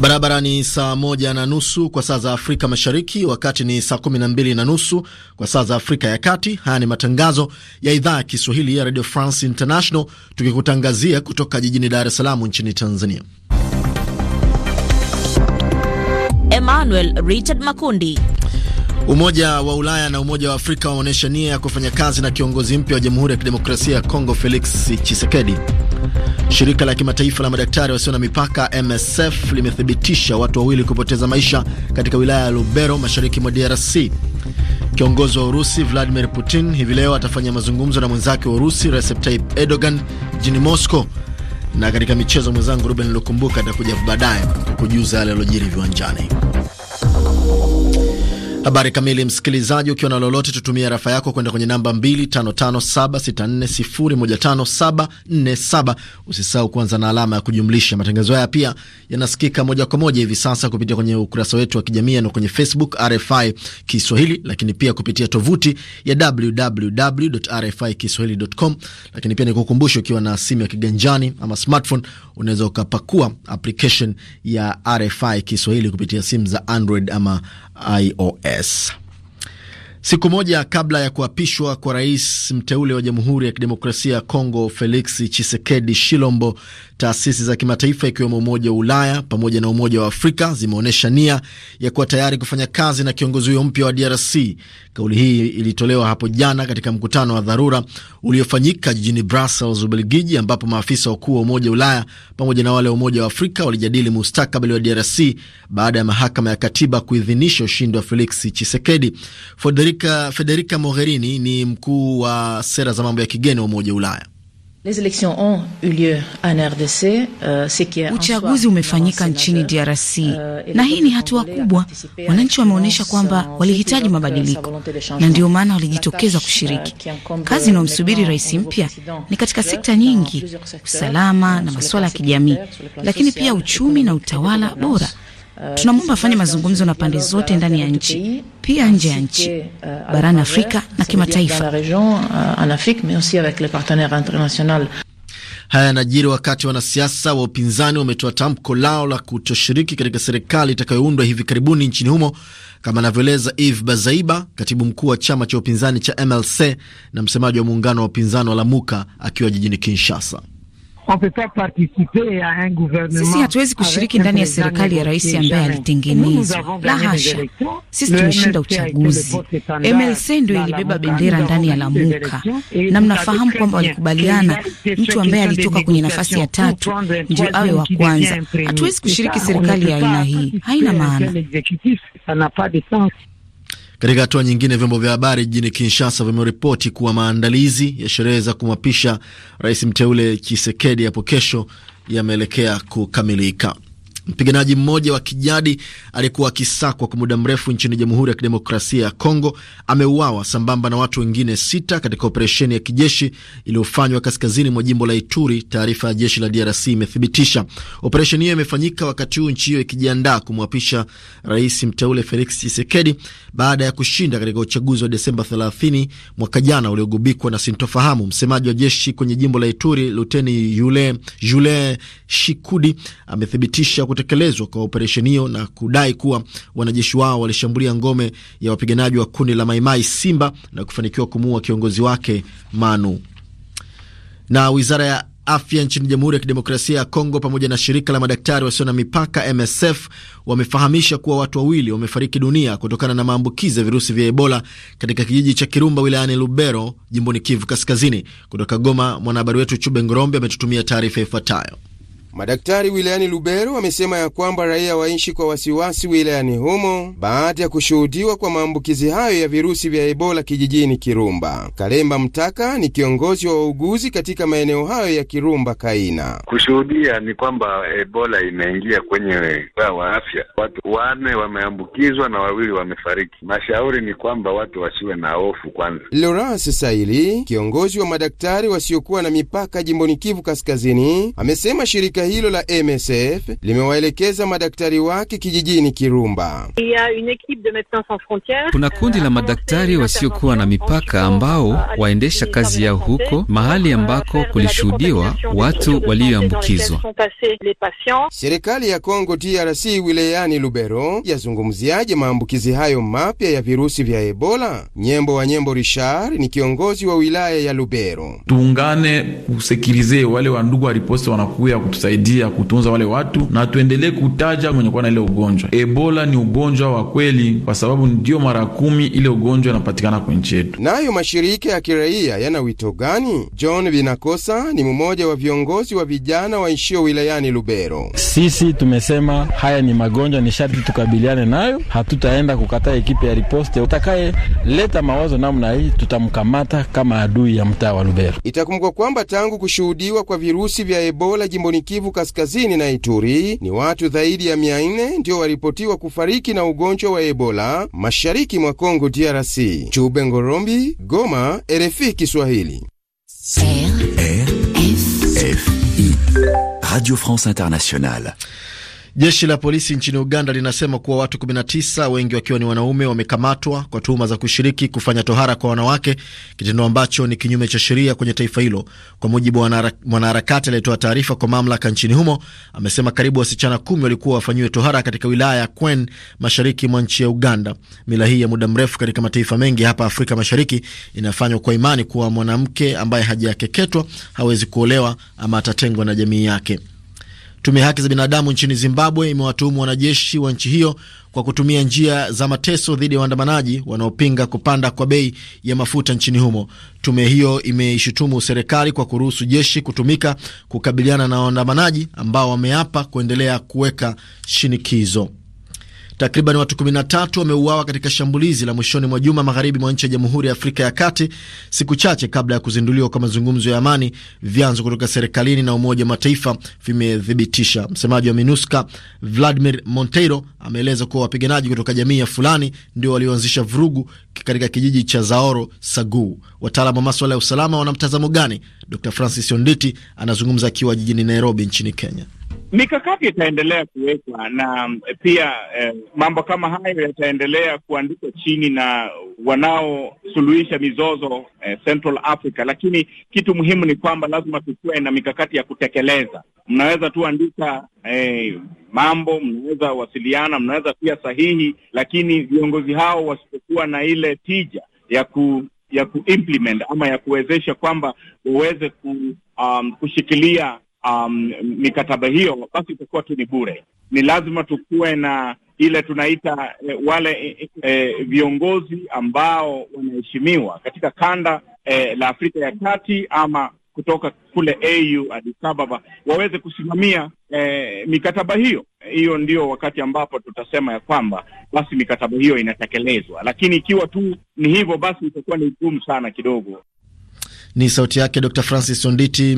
Barabara ni saa moja na nusu kwa saa za Afrika Mashariki, wakati ni saa kumi na mbili na nusu kwa saa za Afrika ya Kati. Haya ni matangazo ya idhaa ya Kiswahili ya Radio France International, tukikutangazia kutoka jijini Dar es Salaam nchini Tanzania. Emmanuel Richard Makundi. Umoja wa Ulaya na Umoja wa Afrika waonyesha nia ya kufanya kazi na kiongozi mpya wa Jamhuri ya Kidemokrasia ya Kongo, Felix Tshisekedi. Shirika la kimataifa la madaktari wasio na mipaka MSF limethibitisha watu wawili kupoteza maisha katika wilaya ya Lubero mashariki mwa DRC. Kiongozi wa Urusi Vladimir Putin hivi leo atafanya mazungumzo na mwenzake wa Urusi Recep Tayyip Erdogan jijini Moscow. Na katika michezo, mwenzangu Ruben Lukumbuka atakuja baadaye kukujuza yale yaliyojiri viwanjani. Habari kamili, msikilizaji, ukiwa na lolote, tutumia rafa yako kwenda kwenye namba 255764015747. Usisahau kuanza na alama ya kujumlisha. Matangazo haya pia yanasikika moja kwa moja hivi sasa kupitia kwenye ukurasa wetu wa kijamii na yaani kwenye Facebook RFI Kiswahili, lakini pia kupitia tovuti ya www.rfikiswahili.com. Lakini pia nikukumbushe, ukiwa na simu ya kiganjani ama smartphone, unaweza ukapakua application ya RFI Kiswahili kupitia simu za Android ama iOS. Siku moja kabla ya kuapishwa kwa rais mteule wa Jamhuri ya Kidemokrasia ya Kongo Felix Chisekedi Shilombo, Taasisi za kimataifa ikiwemo Umoja wa Ulaya pamoja na Umoja wa Afrika zimeonyesha nia ya kuwa tayari kufanya kazi na kiongozi huyo mpya wa DRC. Kauli hii ilitolewa hapo jana katika mkutano wa dharura uliofanyika jijini Brussels, Ubelgiji, ambapo maafisa wakuu wa Umoja wa Ulaya pamoja na wale wa Umoja wa Afrika walijadili mustakabali wa DRC baada ya mahakama ya katiba kuidhinisha ushindi wa Felix Chisekedi. Federica Mogherini ni mkuu wa sera za mambo ya kigeni wa Umoja wa Ulaya. Euh, Uchaguzi umefanyika nchini DRC euh, na hii ni hatua kubwa. Wananchi wameonyesha kwamba walihitaji euh, mabadiliko na ndio maana walijitokeza kushiriki. Kazi inayomsubiri rais mpya ni katika sekta nyingi, usalama na masuala ya kijamii, lakini pia uchumi na utawala bora. Tunamwomba afanye mazungumzo na pande zote ndani ya nchi pia nje ya nchi, barani Afrika na kimataifa. Haya yanajiri wakati wanasiasa wa upinzani wametoa tamko lao la kutoshiriki katika serikali itakayoundwa hivi karibuni nchini humo, kama anavyoeleza Eve Bazaiba, katibu mkuu wa chama cha upinzani cha MLC na msemaji wa muungano wa upinzani wa Lamuka, akiwa jijini Kinshasa on peut pas participer à un gouvernement. Sisi hatuwezi kushiriki ndani ya serikali ya rais ambaye alitengenezwa. La hasha, sisi tumeshinda uchaguzi. MLC ndio ilibeba bendera ndani ya Lamuka, na mnafahamu kwamba walikubaliana mtu ambaye alitoka kwenye nafasi ya tatu ndio awe wa kwanza. Hatuwezi kushiriki serikali ya aina hii, haina maana. Katika hatua nyingine, vyombo vya habari jijini Kinshasa vimeripoti kuwa maandalizi ya sherehe za kumwapisha rais mteule Chisekedi hapo kesho yameelekea kukamilika. Mpiganaji mmoja wa kijadi aliyekuwa akisakwa kwa muda mrefu nchini Jamhuri ya Kidemokrasia ya Kongo ameuawa sambamba na watu wengine sita katika operesheni ya kijeshi iliyofanywa kaskazini mwa jimbo la Ituri. Taarifa ya jeshi la DRC imethibitisha operesheni hiyo imefanyika wakati huu nchi hiyo ikijiandaa kumwapisha rais mteule Felix Tshisekedi baada ya kushinda katika uchaguzi wa Desemba 30 mwaka jana uliogubikwa na sintofahamu. Msemaji wa jeshi kwenye jimbo la Ituri Luteni Jule Shikudi amethibitisha kutekelezwa kwa operesheni hiyo na kudai kuwa wanajeshi wao walishambulia ngome ya wapiganaji wa kundi la Maimai Simba na kufanikiwa kumuua kiongozi wake Manu. Na wizara ya afya nchini Jamhuri ya Kidemokrasia ya Kongo pamoja na shirika la madaktari wasio na mipaka MSF wamefahamisha kuwa watu wawili wamefariki dunia kutokana na maambukizi ya virusi vya Ebola katika kijiji cha Kirumba wilayani Lubero, jimboni Kivu Kaskazini. Kutoka Goma, mwanahabari wetu Chube Ngorombe ametutumia taarifa ifuatayo. Madaktari wilayani Lubero wamesema ya kwamba raia waishi kwa wasiwasi wilayani humo baada ya kushuhudiwa kwa maambukizi hayo ya virusi vya Ebola kijijini Kirumba. Kalemba Mtaka ni kiongozi wa wauguzi katika maeneo hayo ya Kirumba Kaina. Kushuhudia ni kwamba Ebola imeingia kwenye wa afya, watu wanne wameambukizwa na wawili wamefariki. Mashauri ni kwamba watu wasiwe na hofu kwanza. Lorence Saili, kiongozi wa madaktari wasiokuwa na mipaka jimboni Kivu Kaskazini, amesema shirika shirika hilo la MSF limewaelekeza madaktari wake kijijini Kirumba. Kuna kundi la euh, madaktari wasiokuwa na mipaka ambao euh, waendesha kazi yao huko mahali ambako kulishuhudiwa watu walioambukizwa. Serikali ya Kongo DRC wilayani Lubero yazungumziaje maambukizi hayo mapya ya virusi vya Ebola? Nyembo wa Nyembo Richard ni kiongozi wa wilaya ya Lubero. Tuungane kusikilize wale wandugu wa riposte wanakuya kutusaidia kutunza wale watu, na tuendelee kutaja mwenye kuwa na ile ugonjwa. Ebola ni ugonjwa wa kweli, kwa sababu ndiyo mara kumi ile ugonjwa inapatikana kwa nchi yetu. Nayo mashirika ya kiraia yana wito gani? John Binakosa ni mmoja wa viongozi wa vijana waishio wilayani Lubero. Sisi tumesema haya ni magonjwa, ni sharti tukabiliane nayo. Hatutaenda kukataa ekipe ya riposte. utakayeleta mawazo namna hii, tutamkamata kama adui ya mtaa wa Lubero. Itakumbukwa kwamba tangu kushuhudiwa kwa virusi vya Ebola jimboni Kivu Kivu Kaskazini na Ituri ni watu zaidi ya 400 ndio waripotiwa kufariki na ugonjwa wa Ebola mashariki mwa congo DRC. Chube Ngorombi, Goma, RFI Kiswahili. Radio France Internationale. Jeshi la polisi nchini Uganda linasema kuwa watu 19 wengi wakiwa ni wanaume wamekamatwa kwa tuhuma za kushiriki kufanya tohara kwa wanawake, kitendo ambacho ni kinyume cha sheria kwenye taifa hilo. Kwa mujibu wa mwanaharakati aliyetoa taarifa kwa mamlaka nchini humo, amesema karibu wasichana kumi walikuwa wafanyiwe tohara katika wilaya ya Kwen, mashariki mwa nchi ya Uganda. Mila hii ya muda mrefu katika mataifa mengi hapa Afrika Mashariki inafanywa kwa imani kuwa mwanamke ambaye hajakeketwa hawezi kuolewa ama atatengwa na jamii yake. Tume ya haki za binadamu nchini Zimbabwe imewatuhumu wanajeshi wa nchi hiyo kwa kutumia njia za mateso dhidi ya waandamanaji wanaopinga kupanda kwa bei ya mafuta nchini humo. Tume hiyo imeishutumu serikali kwa kuruhusu jeshi kutumika kukabiliana na waandamanaji ambao wameapa kuendelea kuweka shinikizo. Takriban watu 13 wameuawa katika shambulizi la mwishoni mwa juma magharibi mwa nchi ya Jamhuri ya Afrika ya Kati, siku chache kabla ya kuzinduliwa kwa mazungumzo ya amani, vyanzo kutoka serikalini na Umoja wa Mataifa vimethibitisha. Msemaji wa MINUSCA Vladimir Monteiro ameeleza kuwa wapiganaji kutoka jamii ya Fulani ndio walioanzisha vurugu katika kijiji cha Zaoro Saguu. wataalam wa maswala ya usalama wana mtazamo gani? Dr Francis Onditi anazungumza akiwa jijini Nairobi nchini Kenya. Mikakati itaendelea kuwekwa na um, pia eh, mambo kama hayo yataendelea kuandikwa chini na wanaosuluhisha mizozo eh, Central Africa, lakini kitu muhimu ni kwamba lazima tukuwe na mikakati ya kutekeleza. Mnaweza tu andika eh, mambo, mnaweza wasiliana, mnaweza pia sahihi, lakini viongozi hao wasipokuwa na ile tija ya ku ya kuimplement ama ya kuwezesha kwamba waweze ku, um, kushikilia um, mikataba hiyo, basi itakuwa tu ni bure. Ni lazima tukuwe na ile tunaita eh, wale eh, eh, viongozi ambao wanaheshimiwa katika kanda eh, la Afrika ya Kati ama kutoka kule AU Addis Ababa waweze kusimamia eh, mikataba hiyo. Hiyo ndio wakati ambapo tutasema ya kwamba basi mikataba hiyo inatekelezwa, lakini ikiwa tu ni hivyo, basi itakuwa ni ugumu sana kidogo. Ni sauti yake Dr Francis Onditi,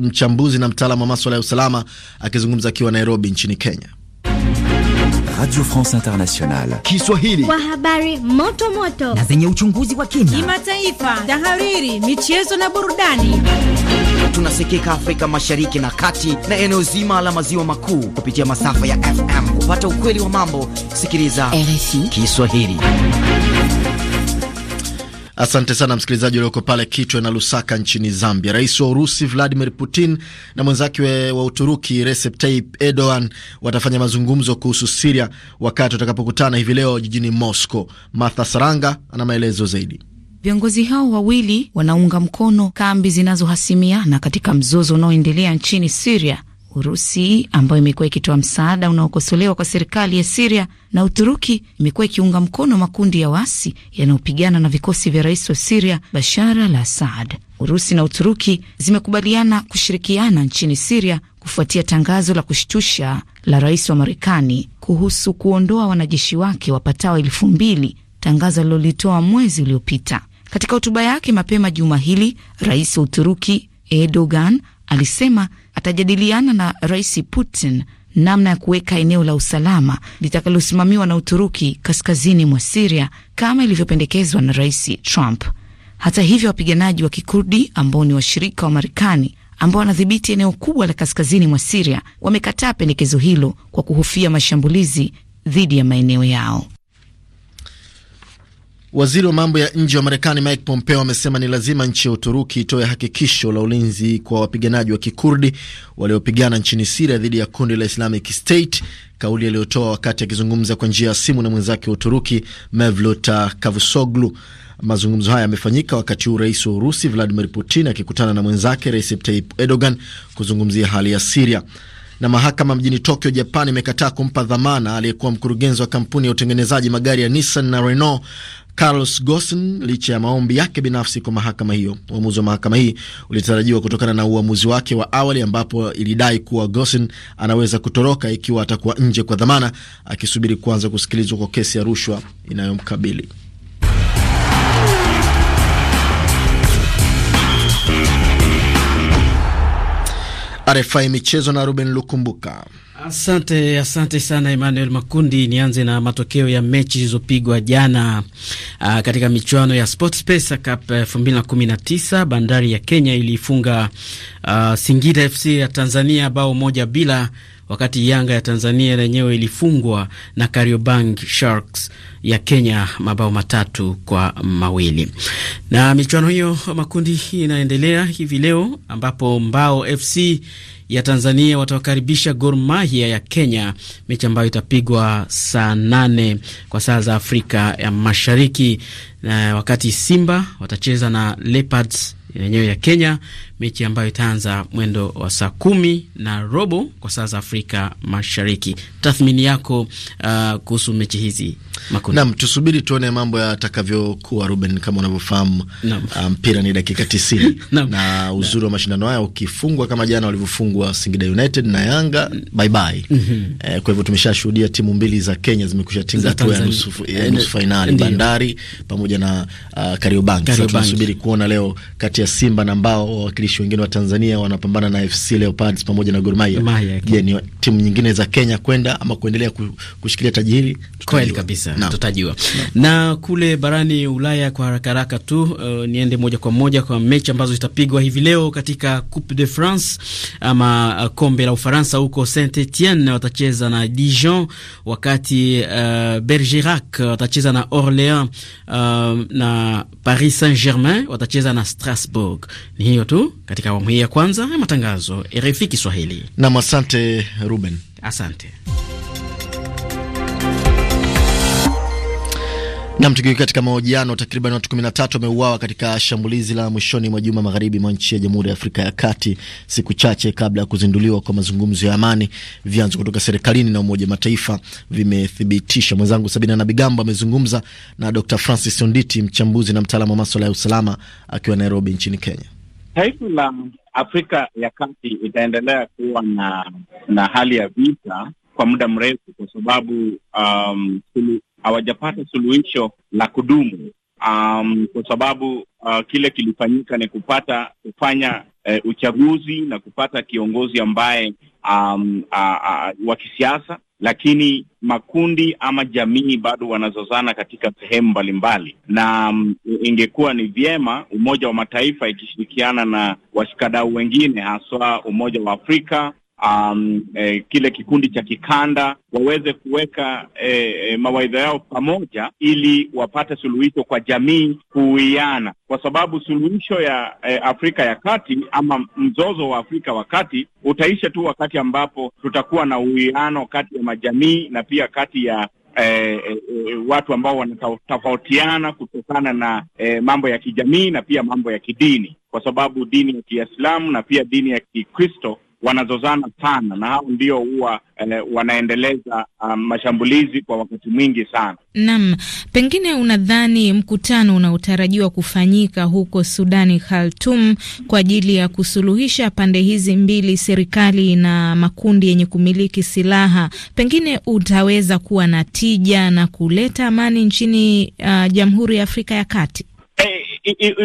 mchambuzi na mtaalam wa maswala ya usalama, akizungumza akiwa Nairobi nchini Kenya. Radio France Internationale Kiswahili, kwa habari moto moto na zenye uchunguzi wa kina, kimataifa, tahariri, michezo na burudani. Tunasikika Afrika Mashariki na Kati na eneo zima la maziwa makuu kupitia masafa ya FM. Kupata ukweli wa mambo, sikiliza RFI Kiswahili. Asante sana msikilizaji ulioko pale Kitwe na Lusaka nchini Zambia. Rais wa Urusi Vladimir Putin na mwenzake wa Uturuki Recep Tayyip Erdogan watafanya mazungumzo kuhusu Siria wakati watakapokutana hivi leo jijini Moscow. Martha Saranga ana maelezo zaidi. Viongozi hao wawili wanaunga mkono kambi zinazohasimiana katika mzozo unaoendelea nchini Siria Urusi ambayo imekuwa ikitoa msaada unaokosolewa kwa serikali ya Siria na Uturuki imekuwa ikiunga mkono makundi ya wasi yanayopigana na vikosi vya rais wa Siria Bashar al Assad. Urusi na Uturuki zimekubaliana kushirikiana nchini Siria kufuatia tangazo la kushtusha la rais wa Marekani kuhusu kuondoa wanajeshi wake wapatao elfu mbili, tangazo alilolitoa mwezi uliopita. Katika hotuba yake mapema juma hili, rais wa Uturuki Erdogan alisema atajadiliana na Rais Putin namna ya kuweka eneo la usalama litakalosimamiwa na Uturuki kaskazini mwa Siria kama ilivyopendekezwa na Rais Trump. Hata hivyo, wapiganaji wa Kikurdi ambao ni washirika wa, wa Marekani ambao wanadhibiti eneo kubwa la kaskazini mwa Siria wamekataa pendekezo hilo kwa kuhofia mashambulizi dhidi ya maeneo yao. Waziri wa mambo ya nje wa Marekani Mike Pompeo amesema ni lazima nchi ya Uturuki itoe hakikisho la ulinzi kwa wapiganaji wa kikurdi waliopigana nchini Siria dhidi ya kundi la Islamic State, kauli aliyotoa wakati akizungumza kwa njia ya simu na mwenzake wa Uturuki Mevlut Cavusoglu. Mazungumzo haya yamefanyika wakati huu rais wa Urusi Vladimir Putin akikutana na mwenzake Recep Tayyip Erdogan kuzungumzia hali ya Siria na mahakama mjini Tokyo, Japan imekataa kumpa dhamana aliyekuwa mkurugenzi wa kampuni ya utengenezaji magari ya Nissan na Renault Carlos Ghosn licha ya maombi yake binafsi kwa mahakama hiyo. Uamuzi wa mahakama hii ulitarajiwa kutokana na uamuzi wake wa awali ambapo ilidai kuwa Ghosn anaweza kutoroka ikiwa atakuwa nje kwa dhamana akisubiri kuanza kusikilizwa kwa kesi ya rushwa inayomkabili. RFI Michezo na Ruben Lukumbuka. Asante, asante sana Emmanuel Makundi. Nianze na matokeo ya mechi zilizopigwa jana uh, katika michuano ya SportPesa Cup 2019 eh, Bandari ya Kenya iliifunga uh, ah, Singida FC ya Tanzania bao moja bila wakati Yanga ya Tanzania lenyewe ilifungwa na Kariobangi Sharks ya Kenya mabao matatu kwa mawili. Na michuano hiyo makundi inaendelea hivi leo ambapo Mbao FC ya Tanzania watawakaribisha Gor Mahia ya Kenya, mechi ambayo itapigwa saa nane kwa saa za Afrika ya Mashariki, na wakati Simba watacheza na Leopards yenyewe ya Kenya mechi ambayo itaanza mwendo wa saa kumi na robo kwa saa za Afrika Mashariki. Tathmini yako uh, kuhusu mechi hizi makundi? Naam, tusubiri tuone mambo yatakavyokuwa. Ruben, kama unavyofahamu uh, mpira um, ni dakika tisini na uzuri wa mashindano haya ukifungwa kama jana walivyofungwa Singida United na Yanga bye bye. Mm -hmm. E, eh, kwa hivyo tumeshashuhudia timu mbili za Kenya zimekusha tinga hatua ya nusu eh, fainali, Bandari pamoja na uh, Kariobangi. tunasubiri kuona leo kati ya Simba na Mbao wawakilishi wawakilishi wengine wa Tanzania wanapambana na FC Leopards pamoja na Gor Mahia. Je, ni timu nyingine za Kenya kwenda ama kuendelea kushikilia taji hili? Kweli kabisa, tutajua na. na kule barani Ulaya kwa haraka haraka tu uh, niende moja kwa moja kwa mechi ambazo zitapigwa hivi leo katika Coupe de France ama uh, kombe la Ufaransa huko Saint Etienne watacheza na Dijon, wakati uh, Bergerac watacheza na Orleans uh, na Paris Saint Germain watacheza na Strasbourg. Ni hiyo tu katika awamu hii ya kwanza ya matangazo RFI Kiswahili. Nam, asante Ruben, asante Nam, tukiwa katika mahojiano, takriban watu 13 wameuawa katika shambulizi la mwishoni mwa juma magharibi mwa nchi ya Jamhuri ya Afrika ya Kati, siku chache kabla ya kuzinduliwa kwa mazungumzo ya amani, vyanzo kutoka serikalini na Umoja Mataifa vimethibitisha. Mwenzangu Sabina Nabigambo amezungumza na Dr Francis Onditi, mchambuzi na mtaalamu wa maswala ya usalama, akiwa Nairobi nchini Kenya. Taifa la Afrika ya Kati itaendelea kuwa na na hali ya vita kwa muda mrefu, kwa sababu hawajapata um, sulu, suluhisho la kudumu um, kwa sababu uh, kile kilifanyika ni kupata kufanya uh, uchaguzi na kupata kiongozi ambaye um, uh, uh, wa kisiasa, lakini makundi ama jamii bado wanazozana katika sehemu mbalimbali, na um, ingekuwa ni vyema Umoja wa Mataifa ikishirikiana na washikadau wengine, haswa Umoja wa Afrika um, eh, kile kikundi cha kikanda waweze kuweka eh, eh mawaidha yao pamoja ili wapate suluhisho kwa jamii kuwiana, kwa sababu suluhisho ya eh, Afrika ya Kati ama mzozo wa Afrika wa Kati utaisha tu wakati ambapo tutakuwa na uwiano kati ya majamii na pia kati ya Eh, eh, eh watu ambao wanatofautiana kutokana na eh, mambo ya kijamii na pia mambo ya kidini, kwa sababu dini ya Kiislamu na pia dini ya Kikristo wanazozana sana, na hao ndio huwa eh, wanaendeleza um, mashambulizi kwa wakati mwingi sana. Naam, pengine unadhani mkutano unaotarajiwa kufanyika huko Sudani Khartoum kwa ajili ya kusuluhisha pande hizi mbili, serikali na makundi yenye kumiliki silaha, pengine utaweza kuwa na tija na kuleta amani nchini uh, Jamhuri ya Afrika ya Kati?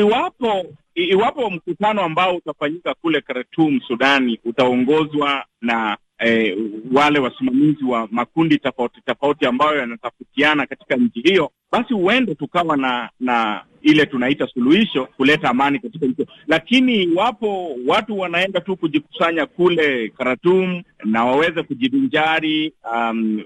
iwapo iwapo mkutano ambao utafanyika kule Khartoum Sudani utaongozwa na eh, wale wasimamizi wa makundi tofauti tofauti ambayo yanatafutiana katika nchi hiyo, basi huenda tukawa na na ile tunaita suluhisho kuleta amani katika nchi. Lakini iwapo watu wanaenda tu kujikusanya kule Khartoum na waweze kujivinjari, um,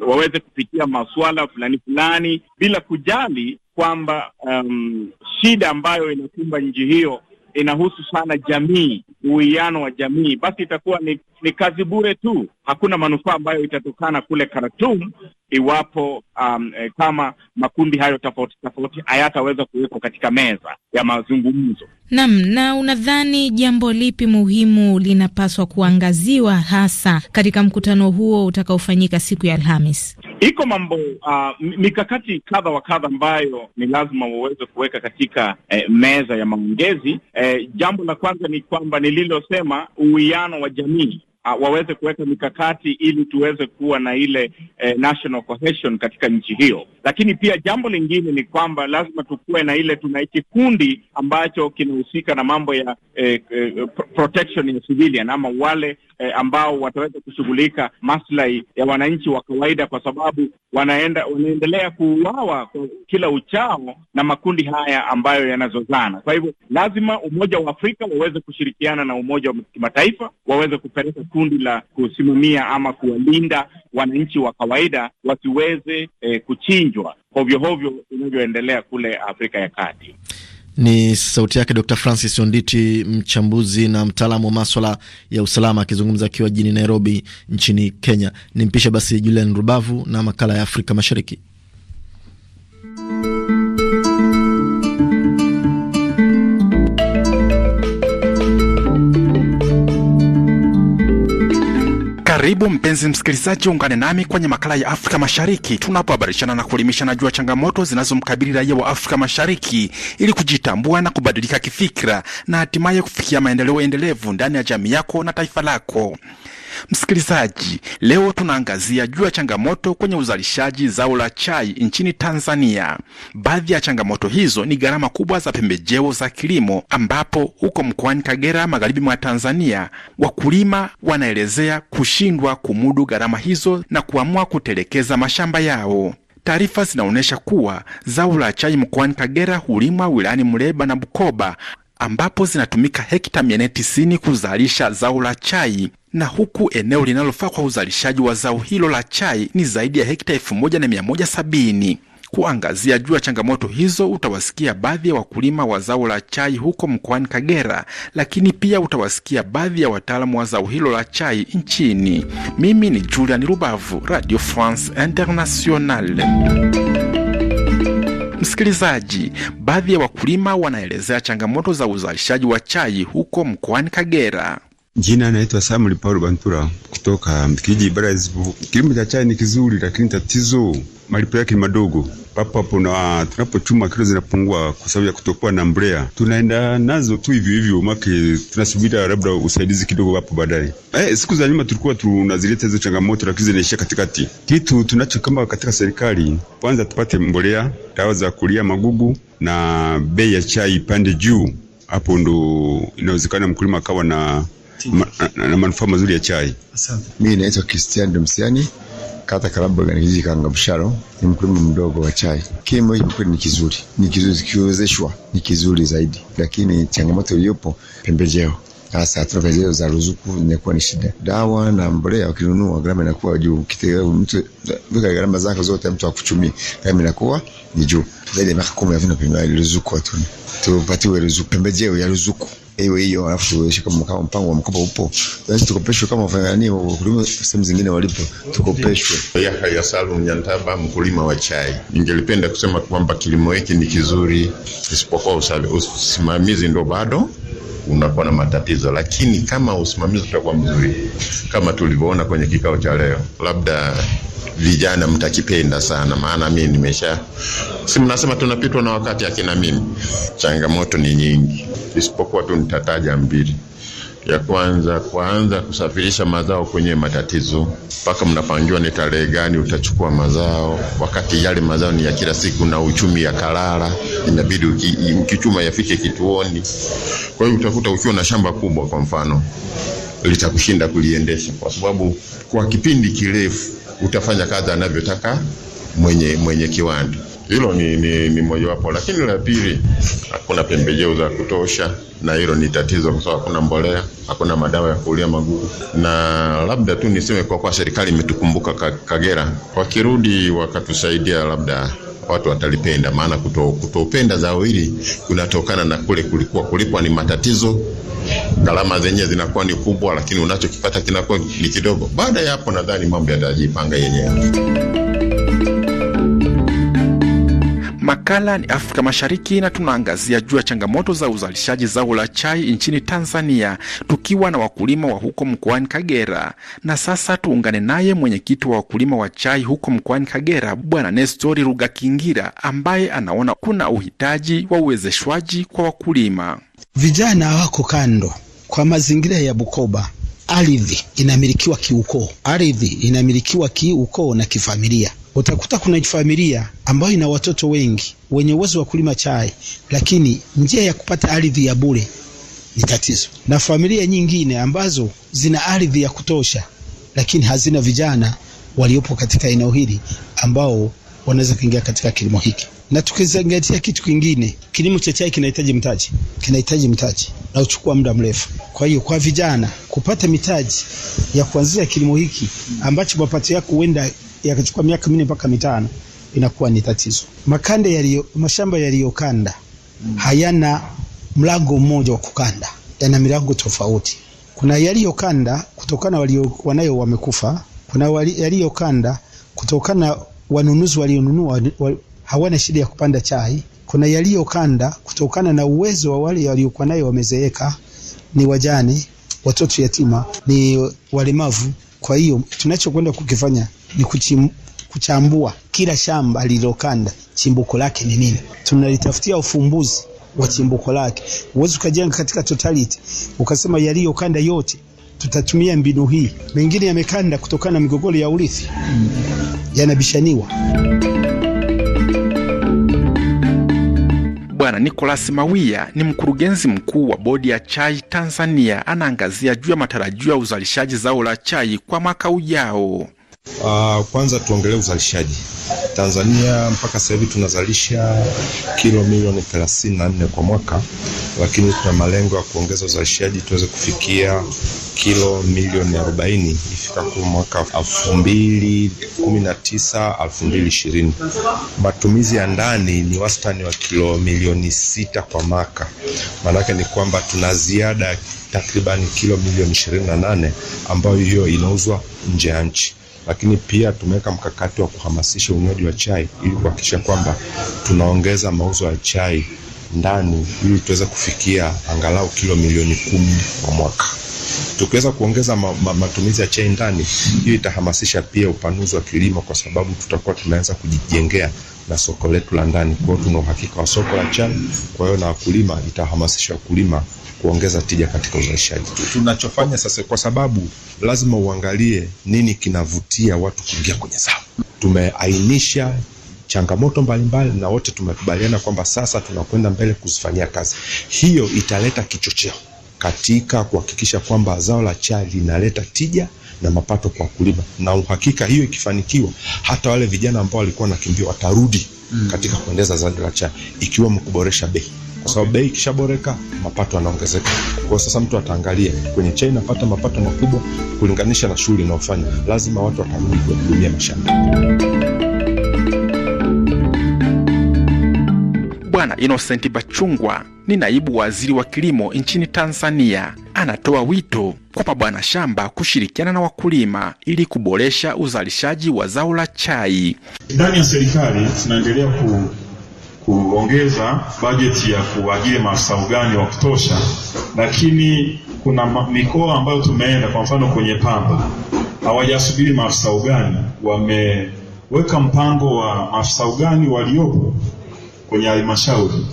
waweze kupitia masuala fulani fulani bila kujali kwamba um, shida ambayo inakumba nchi hiyo inahusu sana jamii, uwiano wa jamii, basi itakuwa ni, ni kazi bure tu hakuna manufaa ambayo itatokana kule Khartoum iwapo um, e, kama makundi hayo tofauti tofauti hayataweza kuwekwa katika meza ya mazungumzo. Naam, na unadhani jambo lipi muhimu linapaswa kuangaziwa hasa katika mkutano huo utakaofanyika siku ya Alhamis? Iko mambo uh, mikakati kadha wa kadha ambayo ni lazima waweze kuweka katika eh, meza ya maongezi. Eh, jambo la kwanza ni kwamba nililosema uwiano wa jamii uh, waweze kuweka mikakati ili tuweze kuwa na ile eh, national cohesion katika nchi hiyo. Lakini pia jambo lingine ni kwamba lazima tukuwe na ile tuna kikundi ambacho kinahusika na mambo ya eh, eh, protection ya civilian ama wale eh, ambao wataweza kushughulika maslahi ya wananchi wa kawaida, kwa sababu wanaenda wanaendelea kuuawa kila uchao na makundi haya ambayo yanazozana. Kwa hivyo lazima Umoja wa Afrika waweze kushirikiana na Umoja wa Kimataifa, waweze kupeleka kundi la kusimamia ama kuwalinda wananchi wa kawaida wasiweze eh, kuchinjwa hovyo hovyo inavyoendelea kule Afrika ya Kati. Ni sauti yake Dr Francis Onditi, mchambuzi na mtaalamu wa maswala ya usalama akizungumza akiwa jijini Nairobi nchini Kenya. Nimpishe basi Julian Rubavu na makala ya Afrika Mashariki. Karibu mpenzi msikilizaji, ungane nami kwenye makala ya Afrika Mashariki tunapohabarishana na kuelimishana juu ya changamoto zinazomkabili raia wa Afrika Mashariki ili kujitambua na kubadilika kifikira na hatimaye kufikia maendeleo endelevu ndani ya jamii yako na taifa lako. Msikilizaji, leo tunaangazia juu ya changamoto kwenye uzalishaji zao la chai nchini Tanzania. Baadhi ya changamoto hizo ni gharama kubwa za pembejeo za kilimo, ambapo huko mkoani Kagera, magharibi mwa Tanzania, wakulima wanaelezea kushindwa kumudu gharama hizo na kuamua kutelekeza mashamba yao. Taarifa zinaonyesha kuwa zao la chai mkoani Kagera hulimwa wilayani Muleba na Bukoba ambapo zinatumika hekta 490 kuzalisha zao la chai na huku eneo linalofaa kwa uzalishaji wa zao hilo la chai ni zaidi ya hekta 1170. Kuangazia juu ya changamoto hizo utawasikia baadhi ya wakulima wa zao la chai huko mkoani Kagera, lakini pia utawasikia baadhi ya wataalamu wa zao hilo la chai nchini. Mimi ni Julian Rubavu, Radio France Internationale. Msikilizaji, baadhi ya wakulima wanaelezea changamoto za uzalishaji wa chai huko mkoani Kagera. Jina naitwa Samuel Paul Bantura kutoka Mkiji Brazil. Kilimo cha chai ni kizuri, lakini tatizo malipo yake ni madogo. Papo hapo na tunapochuma kilo zinapungua kwa sababu ya kutokuwa na mbolea. Tunaenda nazo tu hivyo hivyo, maki tunasubiri labda usaidizi kidogo hapo baadaye. Eh, siku za nyuma tulikuwa tunazileta hizo changamoto, lakini zinaishia katikati. Kitu tunacho kama katika serikali, kwanza tupate mbolea, dawa za kulia magugu na bei ya chai pande juu. Hapo ndo inawezekana mkulima akawa na ma, na manufaa mazuri ya chai. Asante. Mimi naitwa Christian Domsiani kata Karabwe kijiji Kangamsharo, ni mkulima mdogo wa chai. Kilimo hiki kweli ni kizuri, ni kizuri, kiwezeshwa, ni kizuri zaidi, lakini changamoto iliyopo pembejeo sasa hatuna pembejeo za ruzuku, inakuwa ni shida. Dawa na mbolea ukinunua gharama inakuwa juu, ukitegemea mtu weka gharama zako zote, mtu akuchumia, gharama inakuwa ni juu zaidi ya miaka kumi, lakini pembejeo ruzuku tu tupatiwe ruzuku, pembejeo ya ruzuku hiyo hiyo, alafu tuweze kama kama mpango wa mkopo upo, basi yaani tukopeshwe kama wafanyani wakulima sehemu zingine walipo, tukopeshwe. ya Salum Nyantaba, mkulima wa chai. Ningelipenda kusema kwamba kilimo hiki ni kizuri, isipokuwa usimamizi ndio bado unakuwa na matatizo, lakini kama usimamizi utakuwa mzuri, kama tulivyoona kwenye kikao cha leo, labda vijana mtakipenda sana, maana mimi nimesha, si mnasema tunapitwa na wakati, akina mimi changamoto ni nyingi, isipokuwa tu nitataja mbili ya kwanza kuanza kusafirisha mazao kwenye matatizo, mpaka mnapangiwa ni tarehe gani utachukua mazao, wakati yale mazao ni ya kila siku na uchumi ya kalala, inabidi ukichuma yafike kituoni. Kwa hiyo utakuta ukiwa na shamba kubwa, kwa mfano, litakushinda kuliendesha, kwa sababu kwa kipindi kirefu utafanya kazi anavyotaka mwenye mwenye kiwanda. Hilo ni, ni, ni mojawapo, lakini la pili, hakuna pembejeo za kutosha, na hilo ni tatizo kwa sababu hakuna mbolea, hakuna madawa ya kuulia magugu. Na labda tu niseme kwa kuwa serikali imetukumbuka Kagera, wakirudi wakatusaidia, labda watu watalipenda, maana kutopenda zao hili kunatokana na kule kulikuwa kulipwa ni matatizo, gharama zenyewe zinakuwa ni kubwa, lakini unachokipata kinakuwa ni kidogo. Baada ya hapo, nadhani mambo yatajipanga yenyewe. Makala ni Afrika Mashariki na tunaangazia juu ya changamoto za uzalishaji zao la chai nchini Tanzania, tukiwa na wakulima wa huko mkoani Kagera. Na sasa tuungane naye mwenyekiti wa wakulima wa chai huko mkoani Kagera, Bwana Nestori Rugakingira, ambaye anaona kuna uhitaji wa uwezeshwaji kwa wakulima vijana. Wako kando kwa mazingira ya Bukoba, ardhi inamilikiwa kiukoo, ardhi inamilikiwa kiukoo na kifamilia Utakuta kuna familia ambayo ina watoto wengi wenye uwezo wa kulima chai, lakini njia ya kupata ardhi ya bure ni tatizo, na familia nyingine ambazo zina ardhi ya kutosha, lakini hazina vijana waliopo katika eneo hili ambao wanaweza kuingia katika kilimo hiki. Na tukizingatia kitu kingine, kilimo cha chai kinahitaji mtaji, kinahitaji mtaji na uchukua muda mrefu. Kwa hiyo kwa vijana kupata mitaji ya kuanzia kilimo hiki ambacho mapato yako huenda yakachukua miaka minne mpaka mitano inakuwa ni tatizo. Makande yaliyo mashamba yaliyokanda mm. hayana mlango mmoja wa kukanda, yana milango tofauti. Kuna yaliyokanda kutokana walio wanayo wamekufa, kuna yaliyokanda kutokana wanunuzi walionunua wa, wa, hawana shida ya kupanda chai, kuna yaliyokanda kutokana na uwezo wa wale waliokuwa nayo wamezeeka, ni wajane, watoto yatima, ni walemavu. Kwa hiyo tunachokwenda kukifanya ni kuchim, kuchambua kila shamba lililokanda chimbuko lake ni nini, tunalitafutia ufumbuzi wa chimbuko lake. uwezi ukajenga katika totality ukasema yaliyokanda yote tutatumia mbinu hii. Mengine yamekanda kutokana na migogoro ya urithi, yanabishaniwa. Bwana Nicholas Mawia ni mkurugenzi mkuu wa bodi ya chai Tanzania, anaangazia juu ya matarajio ya uzalishaji zao la chai kwa mwaka ujao. Uh, kwanza tuongelee uzalishaji. Tanzania mpaka sasa hivi tunazalisha kilo milioni 34 kwa mwaka, lakini tuna malengo ya kuongeza uzalishaji tuweze kufikia kilo milioni 40 kwa mwaka 2019 2020. Matumizi ya ndani ni wastani wa kilo milioni sita kwa mwaka. Maanake ni kwamba tuna ziada takriban kilo milioni 28 ambayo hiyo inauzwa nje ya nchi lakini pia tumeweka mkakati wa kuhamasisha unywaji wa chai ili kuhakikisha kwamba tunaongeza mauzo ya chai ndani ili tuweze kufikia angalau kilo milioni kumi kwa mwaka. Tukiweza kuongeza ma, ma, matumizi ya chai ndani, hiyo itahamasisha pia upanuzi wa kilimo, kwa sababu tutakuwa tunaanza kujijengea na soko letu la ndani. Kwa hiyo tuna uhakika wa soko la chai, kwa hiyo na wakulima, itahamasisha wakulima kuongeza tija katika uzalishaji. Tunachofanya sasa, kwa sababu lazima uangalie nini kinavutia watu kuingia kwenye zao, tumeainisha changamoto mbalimbali mbali, na wote tumekubaliana kwamba sasa tunakwenda mbele kuzifanyia kazi. Hiyo italeta kichocheo katika kuhakikisha kwamba zao la chai linaleta tija na mapato kwa wakulima, na uhakika hiyo ikifanikiwa, hata wale vijana ambao walikuwa wanakimbia watarudi mm. katika kuendeza zao la chai, ikiwemo kuboresha bei kwa sababu bei ikishaboreka mapato yanaongezeka. Kwa sasa mtu ataangalia kwenye chai napata mapato makubwa kulinganisha na shughuli inayofanya, lazima watu watarudi kuhudumia mashamba. Bwana Innocent Bachungwa ni naibu waziri wa kilimo nchini Tanzania, anatoa wito kwa mabwana shamba kushirikiana na wakulima ili kuboresha uzalishaji wa zao la chai. Ndani ya serikali tunaendelea ku, kuongeza bajeti ya kuajiri maafisa ugani wa kutosha, lakini kuna mikoa ambayo tumeenda, kwa mfano kwenye Pamba hawajasubiri maafisa ugani, wameweka mpango wa maafisa ugani waliopo kwenye halmashauri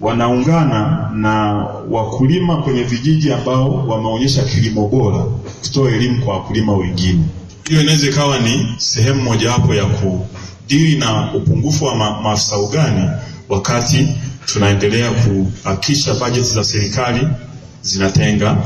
wanaungana na wakulima kwenye vijiji ambao wameonyesha kilimo bora, kutoa elimu kwa wakulima wengine. Hiyo inaweza ikawa ni sehemu mojawapo ya kudili na upungufu wa ma maafisa ugani, wakati tunaendelea kuhakikisha bajeti za serikali zinatenga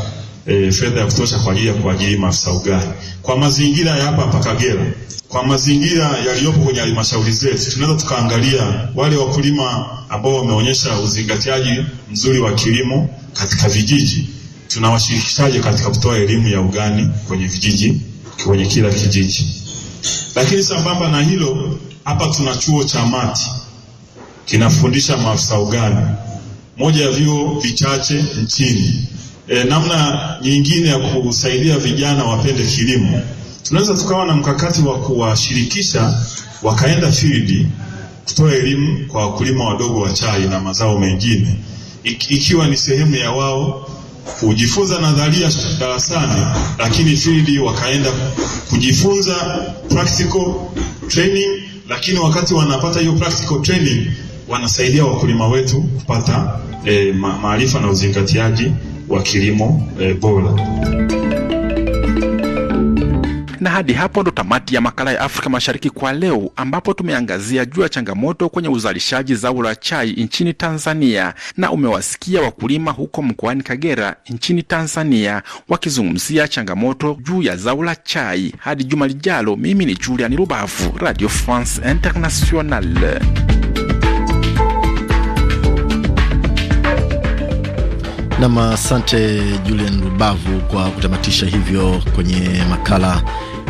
e, fedha ya kutosha kwa ajili ya kuajiri maafisa ugani. Kwa mazingira ya hapa hapa Kagera, kwa mazingira yaliyopo kwenye halmashauri zetu, tunaweza tukaangalia wale wakulima ambao wameonyesha uzingatiaji mzuri wa kilimo katika vijiji, tunawashirikishaje katika kutoa elimu ya ugani kwenye vijiji, kwenye kila kijiji. Lakini sambamba na hilo, hapa tuna chuo cha Mati kinafundisha maafisa ugani, moja ya vyuo vichache nchini e, namna nyingine ya kusaidia vijana wapende kilimo, tunaweza tukawa na mkakati wa kuwashirikisha wakaenda field kutoa elimu kwa wakulima wadogo wa chai na mazao mengine, ikiwa ni sehemu ya wao kujifunza nadharia darasani, lakini field wakaenda kujifunza practical training, lakini wakati wanapata hiyo practical training wanasaidia wakulima wetu kupata e, maarifa na uzingatiaji wa kilimo e, bora. Na hadi hapo ndo tamati ya makala ya Afrika Mashariki kwa leo, ambapo tumeangazia juu ya changamoto kwenye uzalishaji zao la chai nchini Tanzania, na umewasikia wakulima huko mkoani Kagera nchini Tanzania wakizungumzia changamoto juu ya zao la chai. Hadi juma lijalo, mimi ni Julian Rubavu, Radio France Internationale. Nam, asante Julian Rubavu kwa kutamatisha hivyo kwenye makala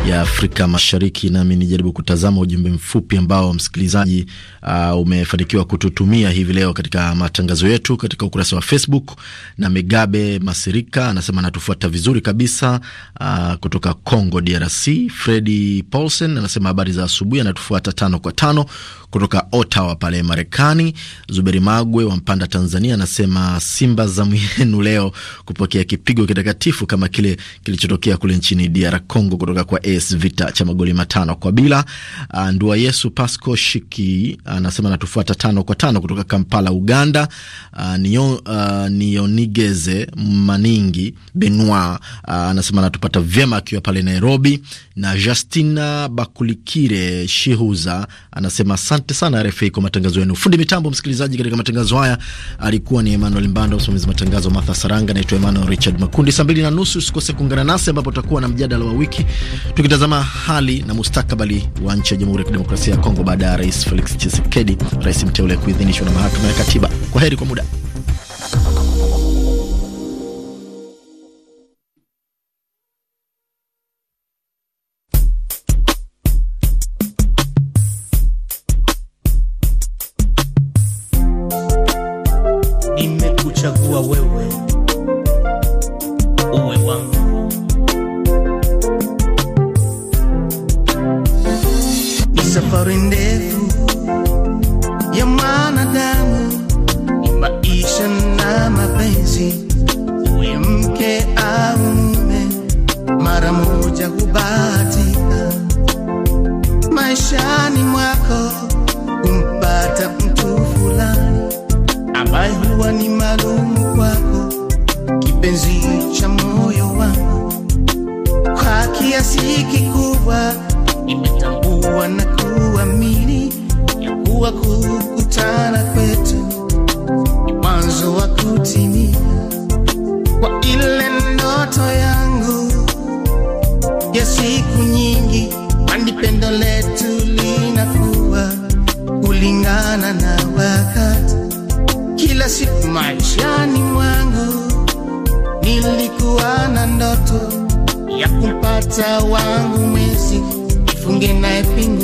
ya Afrika Mashariki, nami nijaribu kutazama ujumbe mfupi ambao msikilizaji uh, umefanikiwa kututumia hivi leo katika matangazo yetu katika ukurasa wa Facebook. Na Migabe Masirika anasema anatufuata vizuri kabisa uh, kutoka Congo DRC. Fredi Paulsen anasema habari za asubuhi, anatufuata tano kwa tano kutoka Ottawa pale Marekani. Zuberi Magwe wa Mpanda, Tanzania anasema Simba zamu yenu leo kupokea kipigo kitakatifu kama kile kilichotokea kule nchini DR Congo kutoka kwa AS Vita cha magoli matano kwa bila. Uh, Ndua Yesu Pasco Shiki anasema uh, natufuata tano kwa tano kutoka Kampala, Uganda. Uh, ah, Niyo, ah, Nionigeze Maningi Benua anasema natupata vyema akiwa pale Nairobi, na Justina Bakulikire Shihuza anasema asante sana RFA kwa matangazo yenu. Fundi mitambo msikilizaji katika matangazo haya alikuwa ni Emmanuel Mbando, msimamizi matangazo Martha Saranga, naitwa Emmanuel Richard Makundi. Saa mbili na nusu usikose kuungana nasi ambapo tutakuwa na mjadala wa wiki. Tukitazama hali na mustakabali wa nchi ya Jamhuri ya Kidemokrasia ya Kongo baada ya Rais Felix Tshisekedi, rais mteule, kuidhinishwa na mahakama ya katiba. Kwa heri kwa muda. kukutana kwetu ni mwanzo wa kutimia kwa ile ndoto yangu ya siku nyingi, kwani pendo letu linakuwa kulingana na wakati. Kila siku maishani mwangu nilikuwa na ndoto ya kumpata wangu mwezi, nifunge naye pingu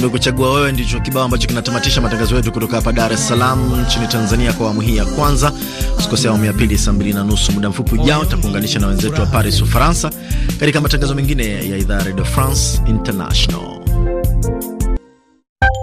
Nimekuchagua wewe ndicho kibao ambacho kinatamatisha matangazo yetu kutoka hapa Dar es Salaam nchini Tanzania kwa awamu hii ya kwanza. Usikose awamu ya pili saa mbili na nusu. Muda mfupi ujao takuunganisha na wenzetu wa Paris, Ufaransa, katika matangazo mengine ya idhaa ya Radio France International.